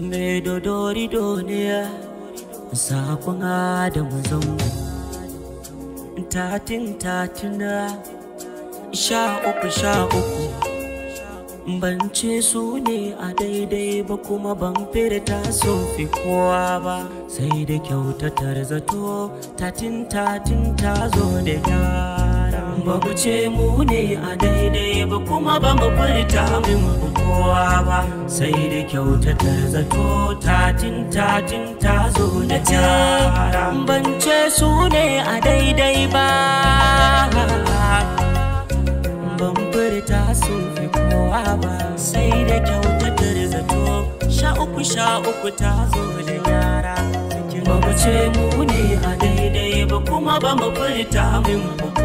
mai dodori doniya sakon adamu zango tatin tatina sha uku sha uku ban ce su ne a daidai ba kuma ban firta sun fi kowa ba sai da kyautatar zato tatin tatin ta zo da ya ba ku ce mu ne a daidai ba kuma ba mu furta min kowa ba sai da ta zato ta tinta ta zo da tara ban ce su ne a daidai ba ban furta su fi kowa ba sai da ta zato sha uku sha uku ta zo da yara ba mu ce mu ne a daidai ba kuma ba mu furta min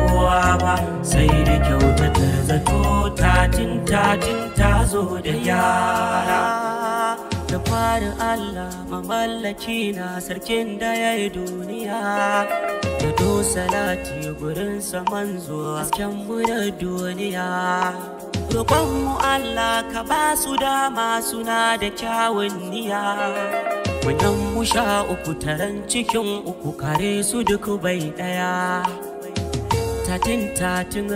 kowa ba sai da kyautatar zato tatin tatin ta zo da yara da farin Allah mamallaki na sarkin da ya yi duniya da do salati gurin saman zuwa hasken murar duniya roƙonmu Allah ka ba su dama suna da kyawun niya Wajen mu sha uku taron cikin uku kare su duk bai daya tatin tatin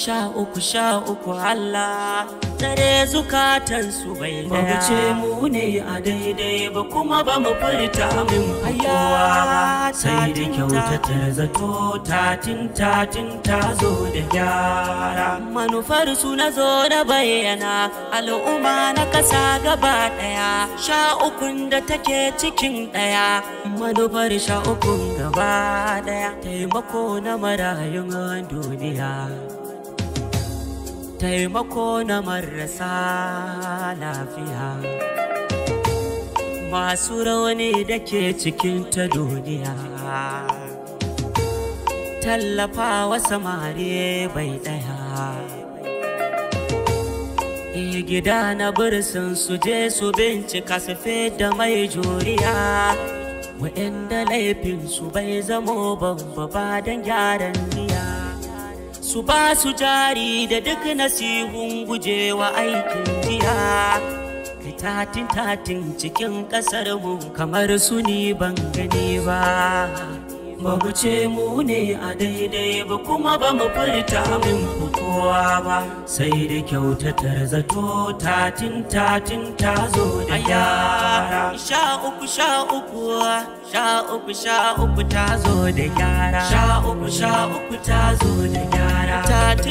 sha uku sha uku Allah tsare su bai ba Ba ce mu ne a daidai ba kuma ba mu furta min kowa. Sai da kyautata zato ta tatin ta zo da gyara. Manufar su na zo na bayyana al'umma na kasa gaba daya. Sha ukun da take cikin daya. Manufar sha ukun gaba daya. Taimako na marayun duniya. taimako na marasa lafiya masu rauni da ke cikin ta duniya tallafawa samari bai ɗaya e, gida na birsin su je su bincika su da mai juriya waɗanda su bai zamo babba ba don gyaran ni su ba su jari da duk nasihun gujewa aikin jiya kai tatin tatin cikin kasar mu kamar su ni ban gani ba ba mu ce mu ne a daidai ba kuma ba mu furta min kowa ba sai da kyautatar zato tatin tatin ta zo da yara sha uku sha uku sha uku sha uku ta zo da yara sha uku sha uku ta zo da yara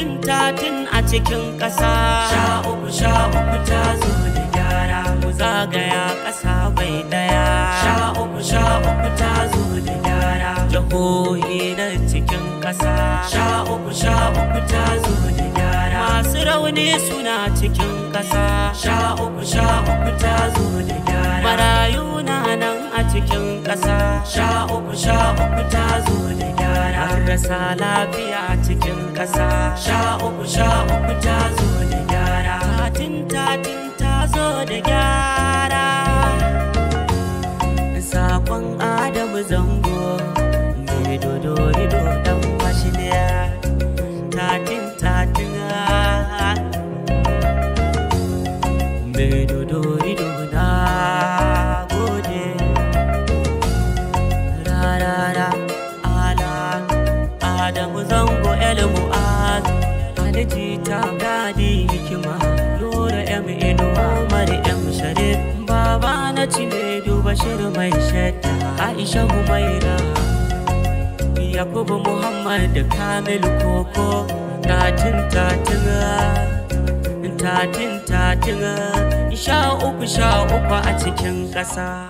ta tintatin a cikin ƙasa sha uku sha uku ta zo da gyara mu zagaya ƙasa bai daya sha uku sha uku ta zo da gyara Jahohi na cikin ƙasa sha uku sha uku ta zo da gyara masu rauni suna cikin ƙasa sha uku sha uku ta zo da gyara marayu na nan cikin ƙasa sha uku sha uku ta zo da gyara an rasa lafiya cikin ƙasa sha uku sha uku ta zo da gyara tatin tatin ta zo da gyara sakon adamu zango mai dodo ido dan mashiliya tatin tatin ah. mai dodo ido da ta gadi hikima Lura M Inuwa Mari M Sharif Baba na cime duba shiru mai shatta Aisha Humaira Yakubu Muhammad da Kamil Koko Tatin tatin tatin tatin sha uku sha uku a cikin ƙasa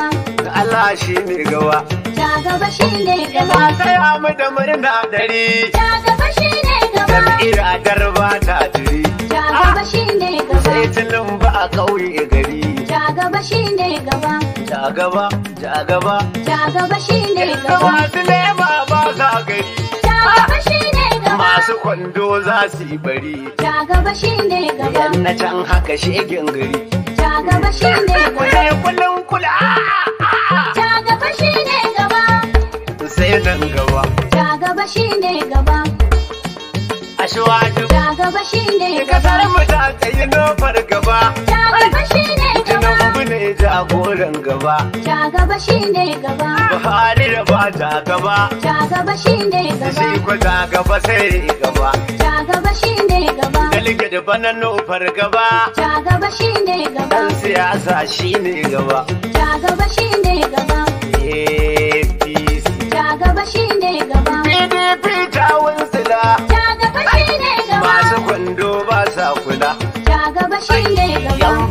Allah shi ne gawa. Ja gaba shi ne gaba. Sai amu da murna dare. Ja gaba shi ne gaba. Jam'ira garba ta jiri. Ja gaba shi ne gaba. Sai tilin ba a ƙauye gari. Ja gaba shi ne gaba. Ja gaba, ja gaba. Ja gaba shi ne gaba. Masu lema ba sa gari. Ja gaba shi ne gaba. Masu kwando za su yi bari. Ja gaba shi ne gaba. Yan na can haka shegen gari. Ja gaba shi ne gaba. Kullum kula gaba shi ne kasar mu ta tsayi nufar gaba ta gaba shi ne gaba Tinubu ne jagoran gaba ta gaba shi ne gaba Buhari da ba ta gaba ta gaba shi ne gaba Shi ko ta gaba sai gaba ta gaba shi ne gaba Dalike da bana nufar gaba ta gaba shi ne gaba Dan siyasa shine gaba ta gaba shi ne gaba APC ta gaba shine ne gaba PDP ta wunsa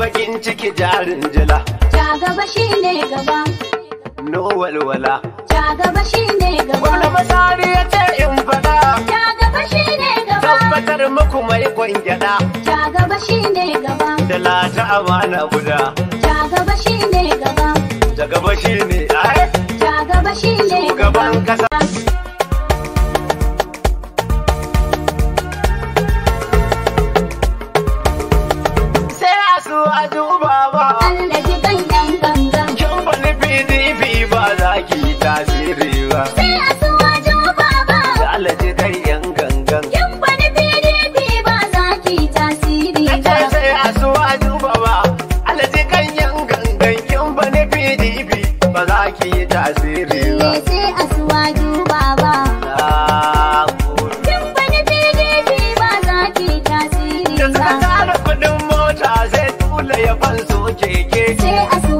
bakin ciki jarin jila. Ja gaba shi ne gaba. No walwala. Ja gaba shi ne gaba. Gwamna masari ya ce in fada. Ja gaba shi ne gaba. Tabbatar muku mai kwangyada. Ja gaba shi ne gaba. Da lata amana guda. asiri ba. Sai a suwa jan baba. Da alaji kai yan gangan. Yan bani PDP ba za ki tasiri ba. Sai a suwa jan baba. Alaji kai yan gangan. Yan bani PDP ba za ki yi tasiri ba. Sai a suwa jan baba. Yan bani PDP ba za ki tasiri ba. Da eh, suka tara kuɗin mota sai tula ya fanso keke. Sai a suwa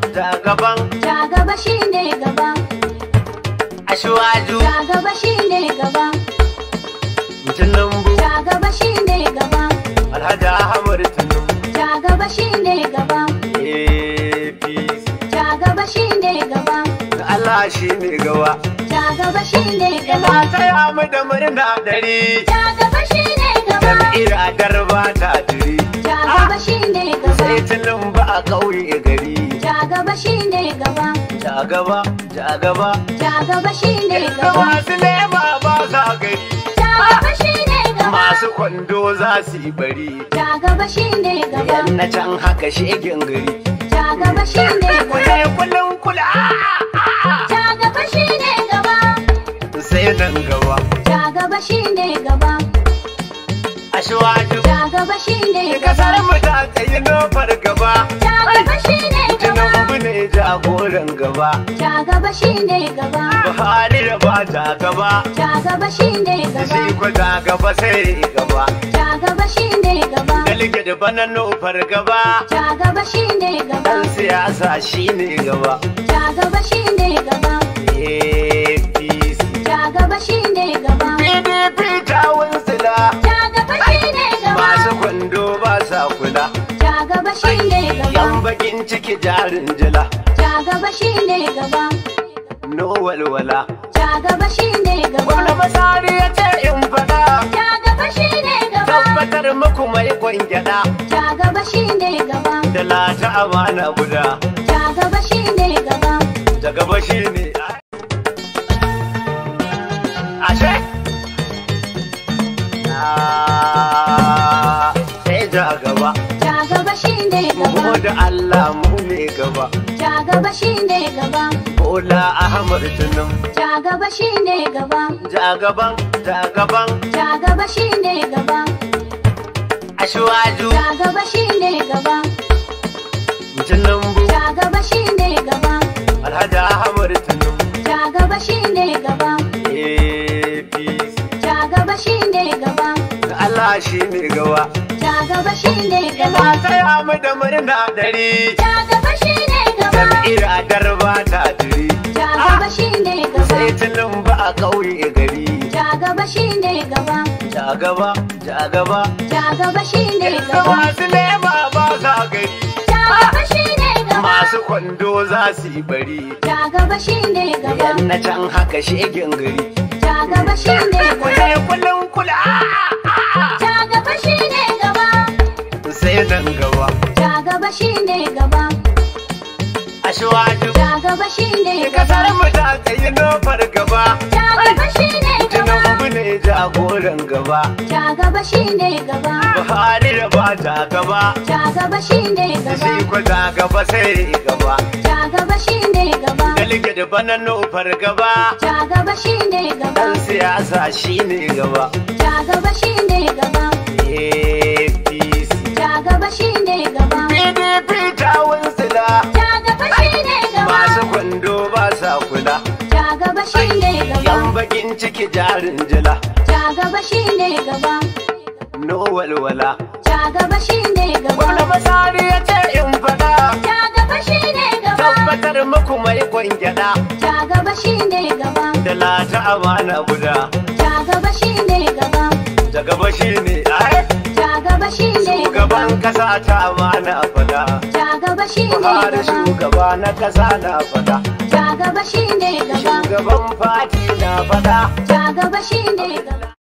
ta gaban. Ta gaba shi ne gaba. Ashwaju. Ta gaba shi ne gaba. mutunambu Ta gaba shi ne gaba. Alhaji Ahmad tunum Ta gaba shi ne gaba. APC. Ta gaba shi ne gaba. Allah shi ne gaba. Ta gaba shine ne gaba. sai taya da murna dare. Ta gaba shi ne gaba. Jam'iyyar adarba ta jiri. Ta gaba shi ne gaba. Sai Tinubu a kauye gari. gaba shine gaba ja gaba ja gaba ja gaba shine gaba masu lema ba za gari ja gaba shine gaba masu kwando za su yi bari ja gaba shine gaba yan na can haka shegen gari ja gaba shine gaba kulai kulun kula ja gaba shine gaba sai nan gaba ja gaba shine gaba ashwaju ja gaba shine gaba kasar mu ta tsaye no fargaba ja gaba shine jagoran gaba. Ja gaba shi ne gaba. Buhari da ba ja gaba. Ja gaba shi ne gaba. Shi ko ja gaba sai gaba. Ja gaba shi ne gaba. Dalike da bana nufar gaba. Ja gaba shi ne gaba. Dan siyasa shi ne gaba. Ja gaba shi ne gaba. Eh. bakin ciki jarin jila. Ja gaba shi ne gaba. No walwala. Ja gaba shi ne gaba. Gwamna masari ya ce in faɗa. Ja gaba shi ne gaba. Tabbatar muku mai kwangyada. Ja gaba shi ne gaba. Da lata amana guda. Allah mu ne gaba. Ja gaba shi ne gaba. Ola Ahmad Tunum. Ja gaba shi ne gaba. Ja gaban, ja gaban. Ja gaba shi ne gaba. Ashwaju. Ja gaba shi ne gaba. Tunumbu. Ja gaba shi ne gaba. Alhaji Ahmad Tunum. Ja gaba shi ne gaba. sa shi ne gawa. Ta gaba shi ne gaba. Ta taya mu da murna dare. Ta gaba shi ne gaba. Jam'iyyar adar ba ta jiri. Ta gaba shi ne gaba. Sai tilin ba a ƙauye gari. Ta gaba shi ne gaba. Ta gaba, ja gaba. Ta gaba shi ne gaba. Masu lema ba sa gari. Ta gaba shi ne gaba. Masu kwando za su yi bari. Ta gaba shi ne gaba. Yan na can haka shegin gari. Ta gaba shi ne gaba. Kullum kula yi kasar mu ta tsayi nofar gaba. Jagaba shi ne gaba. Tinubu ne jagoran gaba. Jagaba shi ne gaba. Buhari da ba jagaba. Jagaba shi ne gaba. Shi ko jagaba sai gaba. Jagaba shi ne gaba. Dalige da bana nofar gaba. Jagaba shi ne gaba. Dan siyasa shi ne gaba. Jagaba shi ne gaba. APC. Jagaba shi ne gaba. PDP ta wunsa. bakin ciki jarin jila ja gaba shi ne gaba no walwala ja gaba shi ne gaba Wani masari ya ce in fada ja gaba shi ne gaba tabbatar muku mai kwangyada ja gaba shi ne gaba da lata amana guda ja gaba shi ne gaba ja gaba shi ne ai ja gaba shi ne gaba. shugaban kasa ta amana fada ja gaba shi ne gaba na kasa na fada ja gaba shi ne gaba shugaban fati na faɗa. Ja gaba shi ne